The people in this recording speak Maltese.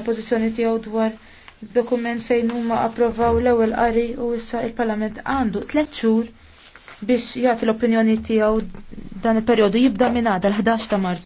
l pożizzjoni tiegħu dwar dokument fejn huma approvaw l-ewwel qari u issa il-Parlament għandu tliet xhur biex jagħti l-opinjoni tiegħu dan il-perjodu jibda minn għada l-11 ta' Marzu.